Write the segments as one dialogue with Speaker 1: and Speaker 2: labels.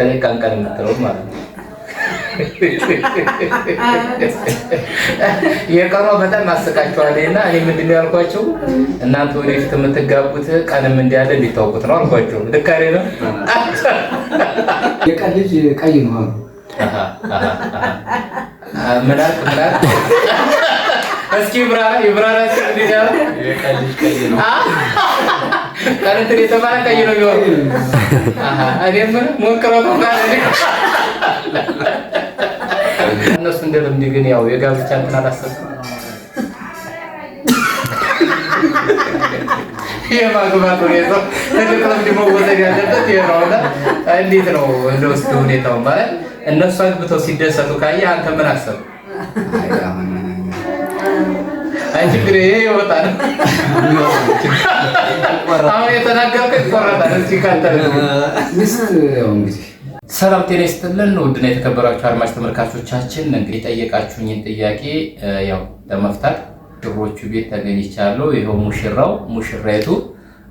Speaker 1: ከኔ ቀን የምትለው ማለት ነው። የቀኗ በጣም አስቃችኋል እና እኔ ምንድነው ያልኳቸው እናንተ ወደፊት የምትጋቡት ቀንም እንዲያለ እንዲታወቁት ነው አልኳቸው። ልካሬ ነው።
Speaker 2: የቀን ልጅ ቀይ ነው አሉ።
Speaker 1: ምናቅ ምናቅ እስኪ ብራራ የብራራ ቀይ ነው ከእንትን የተባለ ቀይ ነው የሚሆነው። እኔም ሞክረው እነሱ እንደ ግን ያው የጋብቻ እንትን አላሰብኩም። የማግባት ሁኔታው ትልቅ ልምድ መወሰድ ያለበት ይሄ ነው። እና እንዴት ነው እንደ ውስጥ ሁኔታው ማለት እነሱ አግብተው ሲደሰቱ ካየህ አንተ ምን አሰብክ? ችግር ይሄ ይወጣል። አሁን የተናገርከው ይቆረጣል።
Speaker 2: እስኪ
Speaker 1: ሰላም ጤና ይስጥልን ውድና የተከበራችሁ አድማጭ ተመልካቾቻችን፣ እንግዲህ ጠየቃችሁኝን ጥያቄ ያው ለመፍታት ድሮቹ ቤት ተገኝቻለሁ። ይኸው ሙሽራው ሙሽራይቱ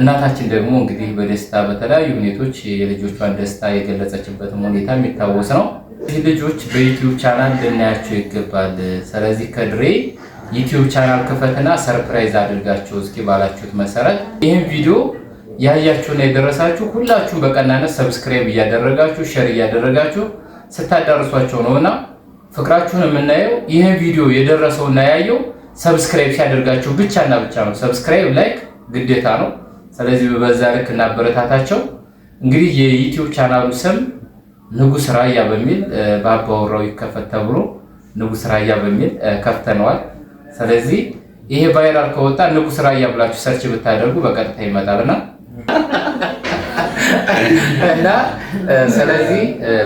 Speaker 1: እናታችን ደግሞ እንግዲህ በደስታ በተለያዩ ሁኔቶች የልጆቿን ደስታ የገለጸችበትም ሁኔታ የሚታወስ ነው። ይህ ልጆች በዩቲዩብ ቻናል ልናያቸው ይገባል። ስለዚህ ከድሬ ዩቲዩብ ቻናል ክፈትና ሰርፕራይዝ አድርጋችሁ እስኪ ባላችሁት መሰረት ይህን ቪዲዮ ያያችሁና የደረሳችሁ ሁላችሁም በቀናነት ሰብስክራይብ እያደረጋችሁ ሼር እያደረጋችሁ ስታዳርሷቸው ነውና ፍቅራችሁን የምናየው ይህን ቪዲዮ የደረሰውና ያየው ሰብስክራይብ ሲያደርጋችሁ ብቻና ብቻ ነው። ሰብስክራይብ ላይክ ግዴታ ነው። ስለዚህ በዛ ልክ እናበረታታቸው። እንግዲህ የዩቲዩብ ቻናሉ ስም ንጉስ ራያ በሚል በአባወራው ይከፈት ተብሎ ንጉስ ራያ በሚል ከፍተነዋል። ስለዚህ ይሄ ቫይራል ከወጣ ንጉስ ራያ ብላችሁ ሰርች ብታደርጉ በቀጥታ ይመጣል ይመጣልና እና ስለዚህ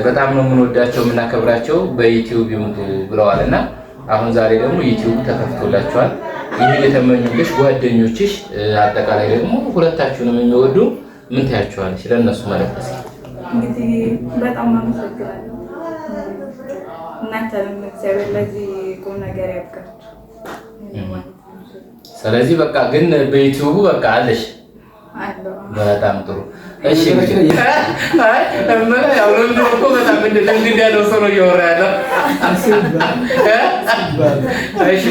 Speaker 1: በጣም ነው የምንወዳቸው የምናከብራቸው። በዩቲዩብ ይምጡ እና አሁን ዛሬ ደግሞ ዩቲዩብ ተከፍቶላቸዋል ይህን የተመኙልሽ ጓደኞችሽ፣ አጠቃላይ ደግሞ ሁለታችሁንም የሚወዱ ምን ታያቸዋለች ለእነሱ መልዕክት እስኪ።
Speaker 3: እንግዲህ በጣም አመሰግናለሁ። እናንተንም እግዚአብሔር ለዚህ ቁም ነገር ያብቃል።
Speaker 1: ስለዚህ በቃ ግን በዩቲዩቡ በቃ አለሽ። በጣም ጥሩ እሺ።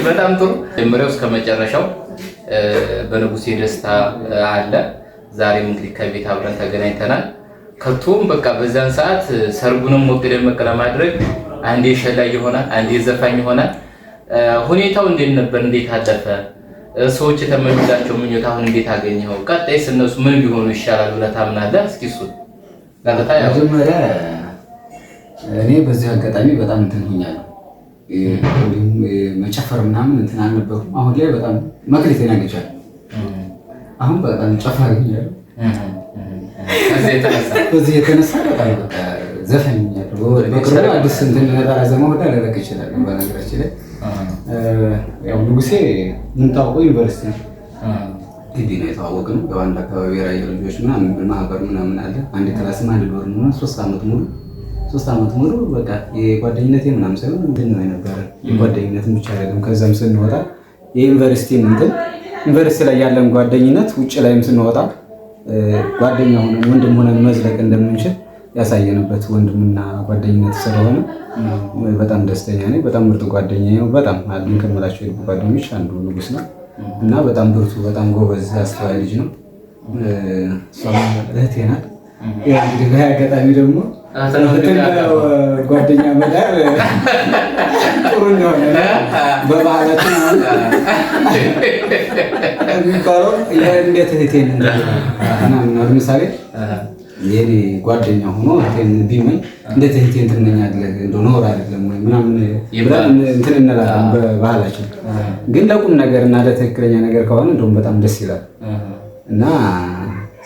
Speaker 1: በጣም ጥሩ ጀምሬው እስከ መጨረሻው በንጉሴ ደስታ አለ። ዛሬም እንግዲህ ከቤት አብረን ተገናኝተናል። ከቶም በቃ በዛን ሰዓት ሰርጉንም ወቅ ደመቅ ለማድረግ አንዴ ሸላይ ይሆናል፣ አንዴ ዘፋኝ ይሆናል ሁኔታው እንዴት ነበር? እንዴት አለፈ? ሰዎች የተመኙላቸው ምኞት አሁን እንዴት አገኘኸው? ቀጣይ ስነሱ ምን ቢሆኑ ይሻላል ብለህ ታምናለህ? እስኪ እሱን
Speaker 2: መጀመሪያ እኔ በዚህ አጋጣሚ በጣም እንትን ሆኛለሁ። መጨፈር ምናምን እንትን አልነበርኩም። አሁን ላይ በጣም መክሊቴን አግኝቻለሁ። አሁን በጣም ጨፋር ሆኛለሁ። ከዚህ የተነሳ በጣም ዘፈን ንጉሴ የምታውቀው ዩኒቨርሲቲ ግቢ ነው በአንድ አካባቢ ልጆች ምናምን ማህበር ምናምን አለ። አንድ ክላስም አንድ ዶር ነው። ሶስት ዓመት ሙሉ ሶስት ዓመት ሙሉ በቃ የጓደኝነት ምናምን ሳይሆን ምንድን ነው የነበረ ብቻ አይደለም። ከዛም ስንወጣ የዩኒቨርሲቲ እንትን ዩኒቨርሲቲ ላይ ያለን ጓደኝነት ውጭ ላይም ስንወጣ ጓደኛ ሆነን ወንድም ሆነን መዝለቅ እንደምንችል ያሳየንበት ወንድምና ጓደኝነት ስለሆነ በጣም ደስተኛ ነኝ። በጣም ምርጥ ጓደኛ ነው። በጣም አሉኝ ከምላቸው የልብ ጓደኞች አንዱ ንጉስ ነው እና በጣም ብርቱ፣ በጣም ጎበዝ፣ አስተዋይ ልጅ ነው። እሷም እህቴ ናት። እንግዲህ በአጋጣሚ ደግሞ ጓደኛ መዳር ጥሩ እንደሆነ በባህላት የሚባለው እንዴት እህቴን ምናምን ለምሳሌ የኔ ጓደኛ ሆኖ እህቴን ቢመኝ እንዴት እህቴን ትመኛለህ? እንደው ነውር አይደለም ወይ ምናምን እንትን እንላለን በባህላችን። ግን ለቁም ነገር እና ለትክክለኛ ነገር ከሆነ እንደውም በጣም ደስ ይላል እና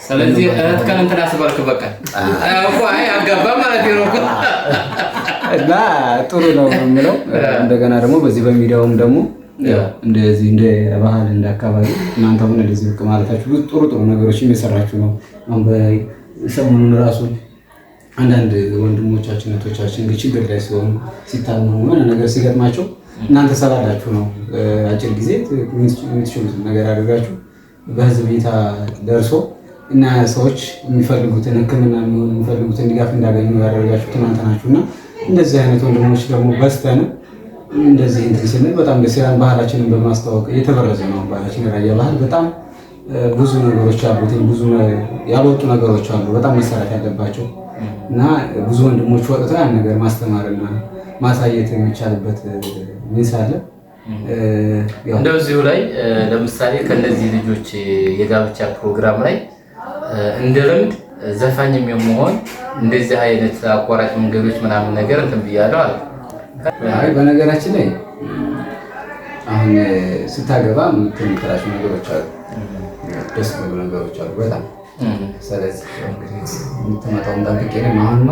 Speaker 1: ስለዚህ እህት ከን እንትን አስበልክ በቃ አይ አጋባ ማለት ነው
Speaker 2: እና ጥሩ ነው የምለው። እንደገና ደግሞ በዚህ በሚዲያውም ደግሞ እንደዚህ እንደ ባህል እንደ አካባቢ እናንተ አሁን እንደዚህ ብቅ ማለታችሁ ጥሩ ጥሩ ነገሮች እየሰራችሁ ነው አሁን ሰሞኑን ራሱ አንዳንድ ወንድሞቻችን እህቶቻችን እንግዲህ ችግር ላይ ሲሆኑ ሲታመሙ የሆነ ነገር ሲገጥማቸው እናንተ ሰላላችሁ ነው አጭር ጊዜ የምትችሉትን ነገር አድርጋችሁ በህዝብ ቤታ ደርሶ እና ሰዎች የሚፈልጉትን ህክምና የሚሆን የሚፈልጉትን ድጋፍ እንዳገኙ ያደረጋችሁ እናንተ ናችሁ እና እንደዚህ አይነት ወንድሞች ደግሞ በስተን እንደዚህ እንትን ስንል በጣም ደስ ይላል። ባህላችንን በማስተዋወቅ የተበረዘ ነው ባህላችን ራያ ባህል በጣም ብዙ ነገሮች አሉት፣ ብዙ ያልወጡ ነገሮች አሉ በጣም መሰራት ያለባቸው እና ብዙ ወንድሞች ወጥተው ያን ነገር ማስተማርና ማሳየት የሚቻልበት ሚንሳለ
Speaker 1: እንደዚሁ ላይ ለምሳሌ ከነዚህ ልጆች የጋብቻ ፕሮግራም ላይ እንደ ልምድ ዘፋኝም የመሆን እንደዚህ አይነት አቋራጭ መንገዶች ምናምን ነገር እንትን ብያለሁ አለ።
Speaker 2: አይ በነገራችን ላይ አሁን ስታገባ የምትምትላቸው ነገሮች አሉ ደስ የሚሉ ነገሮች አሉ በጣም ስለዚህ የምትመጣውን ጠብቄ ነው። አሁንማ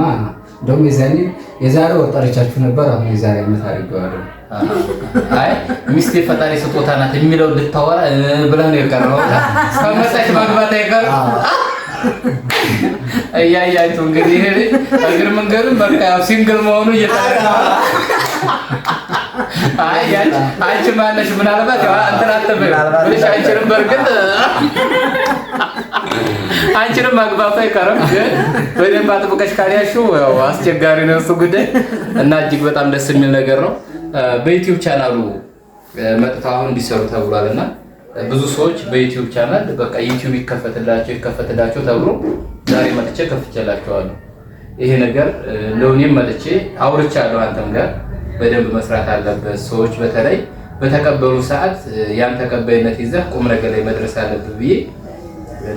Speaker 2: እንደውም የዛኔ የዛሬ ወር ጠርቻችሁ ነበር። አሁን የዛሬ ዓመት አድርገዋለሁ።
Speaker 1: አይ ሚስቴ ፈጣሪ ስጦታ ናት የሚለው ልታወራ ብለህ ነው የቀረው። ከመጣች ማግባት አይቀር እያያችሁ እንግዲህ እግር መንገዱን በቃ ሲንግል መሆኑ እየታረ አንቺ ማነሽ? ምናልባት እንትን አንቺንም በእርግጥ አንቺንም ማግባቱ አይቀርም፣ ግን በደንብ አጥብቀሽ ካልያሽው አስቸጋሪ ነው እሱ ጉዳይ እና እጅግ በጣም ደስ የሚል ነገር ነው። በዩቲዩብ ቻናሉ መጥተው አሁን እንዲሰሩ ተብሏል እና ብዙ ሰዎች በዩቲዩብ ቻናል በቃ ዩቲዩብ ይከፈትላቸው ይከፈትላቸው ተብሎ ዛሬ መጥቼ ከፍቼላቸዋለሁ። ይሄ ነገር ለውኔም መጥቼ አውርቻለሁ አንተም ጋር በደንብ መስራት አለበት። ሰዎች በተለይ በተቀበሉ ሰዓት ያን ተቀባይነት ይዘህ ቁም ነገር ላይ መድረስ አለብህ ብዬ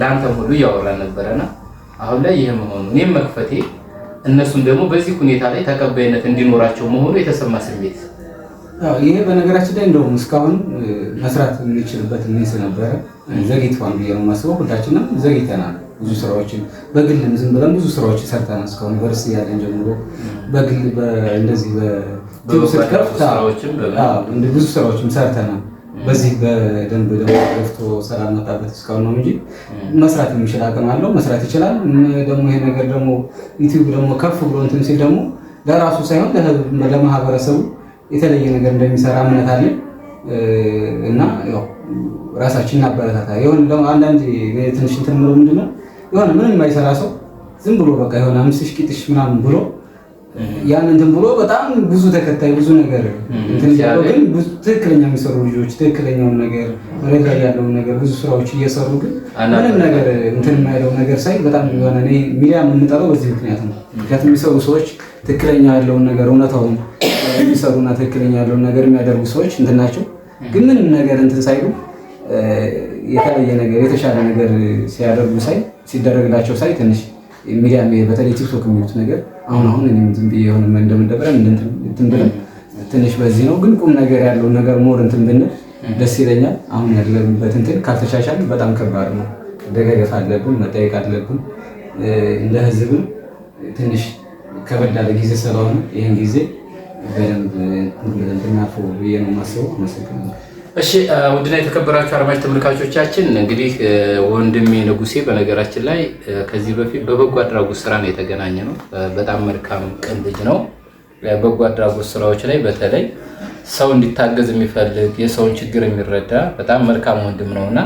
Speaker 1: ለአንተም ሁሉ እያወራ ነበረና አሁን ላይ ይህ መሆኑ እኔም መክፈቴ እነሱም ደግሞ በዚህ ሁኔታ ላይ ተቀባይነት እንዲኖራቸው መሆኑ የተሰማ ስሜት
Speaker 2: ይሄ በነገራችን ላይ እንደውም እስካሁን መስራት የምንችልበት ምንስ ነበረ ዘግይቷን ብዬ ነው የማስበው። ሁላችንም ዘግይተናል። ብዙ ስራዎችን በግልም ዝም ብለን ብዙ ስራዎች ሰርተናል እስካሁን በርስ ያለን ጀምሮ በግል እንደዚህ ብዙ ስራዎችም ሰርተናል። በዚህ በደንብ ደግሞ ገፍቶ ስራ መጣበት እስካሁን ነው እንጂ መስራት የሚችል አቅም አለው፣ መስራት ይችላል። ደግሞ ይሄ ነገር ደግሞ ዩቲዩብ ደግሞ ከፍ ብሎ እንትን ሲል ደግሞ ለራሱ ሳይሆን ለማህበረሰቡ የተለየ ነገር እንደሚሰራ እምነት አለ እና ያው ራሳችንን አበረታታ ይሁን። አንዳንድ ትንሽ እንትን ምሮ ምንድነው የሆነ ምንም የማይሰራ ሰው ዝም ብሎ በቃ የሆነ አምስትሽ ቂጥሽ ምናምን ብሎ ያን እንትን ብሎ በጣም ብዙ ተከታይ ብዙ ነገር እንትን ያለው ግን ትክክለኛ የሚሰሩ ልጆች ትክክለኛውን ነገር መሬት ያለውን ነገር ብዙ ስራዎች እየሰሩ ግን ምንም ነገር እንትን የማይለው ነገር ሳይ በጣም የሆነ እኔ ሚዲያ የምንጠራው በዚህ ምክንያት ነው። ምክንያቱም የሚሰሩ ሰዎች ትክክለኛ ያለውን ነገር እውነታውን የሚሰሩና ትክክለኛ ያለውን ነገር የሚያደርጉ ሰዎች እንትን ናቸው። ግን ምንም ነገር እንትን ሳይሉ የተለየ ነገር የተሻለ ነገር ሲያደርጉ ሳይ ሲደረግላቸው ሳይ ትንሽ ሚዲያ በተለይ ቲክቶክ የሚሉት ነገር አሁን አሁን እኔም ዝም ብዬ የሆነ እንደምደብረ እንትን ብለን ትንሽ በዚህ ነው ግን ቁም ነገር ያለው ነገር ሞር እንትን ብንል ደስ ይለኛል። አሁን ያለንበት እንትን ካልተሻሻል በጣም ከባድ ነው። መደጋገፍ አለብን፣ መጠየቅ አለብን። እንደ ህዝብም ትንሽ ከበድ ያለ ጊዜ ስለሆነ ይህን ጊዜ በደንብ ብለን ብናልፈው ብዬ ነው የማስበው። አመሰግናለሁ።
Speaker 1: እሺ ውድና የተከበራችሁ አድማጭ ተመልካቾቻችን እንግዲህ ወንድሜ ንጉሴ በነገራችን ላይ ከዚህ በፊት በበጎ አድራጎት ስራ ነው የተገናኘ ነው። በጣም መልካም ቅን ልጅ ነው። በጎ አድራጎት ስራዎች ላይ በተለይ ሰው እንዲታገዝ የሚፈልግ የሰውን ችግር የሚረዳ በጣም መልካም ወንድም ነው እና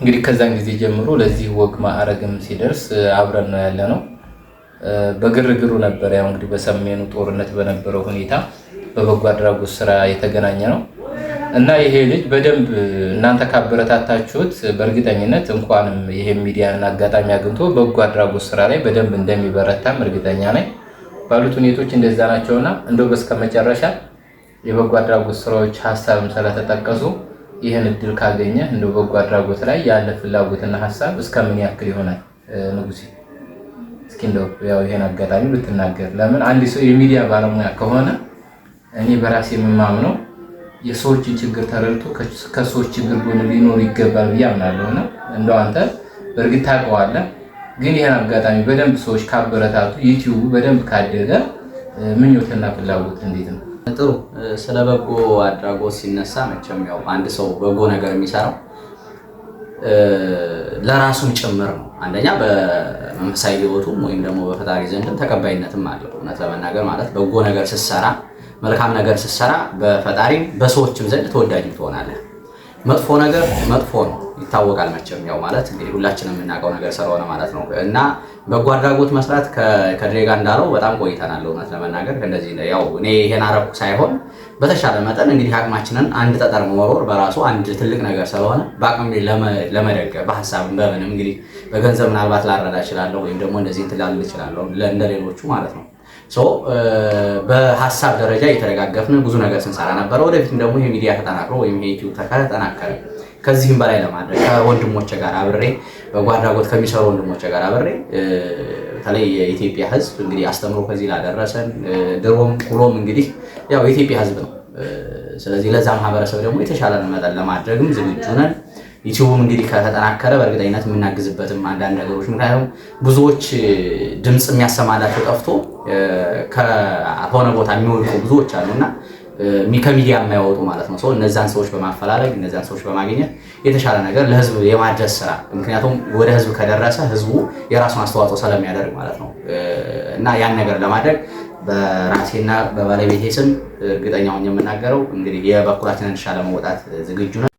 Speaker 1: እንግዲህ ከዛን ጊዜ ጀምሮ ለዚህ ወግ ማዕረግም ሲደርስ አብረን ነው ያለ ነው። በግርግሩ ነበር ያው እንግዲህ በሰሜኑ ጦርነት በነበረው ሁኔታ በበጎ አድራጎት ስራ የተገናኘ ነው። እና ይሄ ልጅ በደንብ እናንተ ካበረታታችሁት በእርግጠኝነት እንኳንም ይሄ ሚዲያን አጋጣሚ አግኝቶ በጎ አድራጎት ስራ ላይ በደንብ እንደሚበረታም እርግጠኛ ነኝ። ባሉት ሁኔቶች እንደዛ ናቸውና እንደው በስከ መጨረሻ የበጎ አድራጎት ስራዎች ሀሳብም ስለተጠቀሱ ይህን እድል ካገኘ እንደ በጎ አድራጎት ላይ ያለ ፍላጎትና ሀሳብ ምን ያክል ይሆናል? ንጉሴ እስኪ እንደው ያው ይሄን አጋጣሚ ብትናገር። ለምን አንድ ሰው የሚዲያ ባለሙያ ከሆነ እኔ በራሴ የምማምነው የሰዎችን ችግር ተረድቶ ከሰዎች ችግር ጎን ሊኖር ይገባል ብዬ አምናለሁ። እና አንተ በእርግጥ ታውቀዋለህ፣ ግን ይህን አጋጣሚ በደንብ ሰዎች ካበረታቱ ዩቲዩቡ በደንብ ካደገ ምኞትና ፍላጎት እንዴት ነው? ጥሩ። ስለ በጎ አድራጎት ሲነሳ መቼም ያው አንድ ሰው በጎ ነገር የሚሰራው ለራሱም ጭምር ነው። አንደኛ በመንፈሳዊ ሕይወቱም ወይም ደግሞ በፈጣሪ ዘንድም ተቀባይነትም አለው። እውነት ለመናገር ማለት በጎ ነገር ስትሰራ መልካም ነገር ስትሰራ በፈጣሪም በሰዎችም ዘንድ ተወዳጅም ትሆናለህ። መጥፎ ነገር መጥፎ ነው ይታወቃል። መቼም ያው ማለት እንግዲህ ሁላችንም የምናውቀው ነገር ስለሆነ ማለት ነው። እና በጎ አድራጎት መስራት ከድሬጋ እንዳለው በጣም ቆይተናል። እውነት ለመናገር እንደዚህ ያው እኔ ይሄን አረኩ ሳይሆን በተሻለ መጠን እንግዲህ አቅማችንን አንድ ጠጠር መወርወር በራሱ አንድ ትልቅ ነገር ስለሆነ በአቅም ለመደገፍ በሀሳብም በምንም እንግዲህ በገንዘብ ምናልባት ላረዳ እችላለሁ ወይም ደግሞ እንደዚህ ትላል እችላለሁ እንደሌሎቹ ማለት ነው በሀሳብ ደረጃ እየተደጋገፍን ብዙ ነገር ስንሰራ ነበረ። ወደፊትም ደግሞ ይሄ ሚዲያ ተጠናክሮ ወይም ዩቲዩብ ከዚህም በላይ ለማድረግ ከወንድሞቼ ጋር አብሬ በጎ አድራጎት ከሚሰሩ ወንድሞቼ ጋር አብሬ በተለይ የኢትዮጵያ ሕዝብ እንግዲህ አስተምሮ ከዚህ ላደረሰን ድሮም ቁሎም እንግዲህ ያው የኢትዮጵያ ሕዝብ ነው። ስለዚህ ለዛ ማህበረሰብ ደግሞ የተሻለን መጠን ለማድረግም ዝግጁ ነን። ዩቲዩብም እንግዲህ ከተጠናከረ በእርግጠኝነት የምናግዝበትም አንዳንድ ነገሮች ምክንያቱም ብዙዎች ድምፅ የሚያሰማላቸው ጠፍቶ ከሆነ ቦታ የሚወድቁ ብዙዎች አሉና ከሚዲያ የማይወጡ ማለት ነው። እነዛን ሰዎች በማፈላለግ እነዛን ሰዎች በማግኘት የተሻለ ነገር ለህዝብ የማድረስ ስራ ምክንያቱም ወደ ህዝብ ከደረሰ ህዝቡ የራሱን አስተዋጽኦ ስለሚያደርግ ማለት ነው እና ያን ነገር ለማድረግ በራሴና በባለቤቴ ስም እርግጠኛውን የምናገረው እንግዲህ የበኩላችንን ድርሻ ለመወጣት ዝግጁ ነው።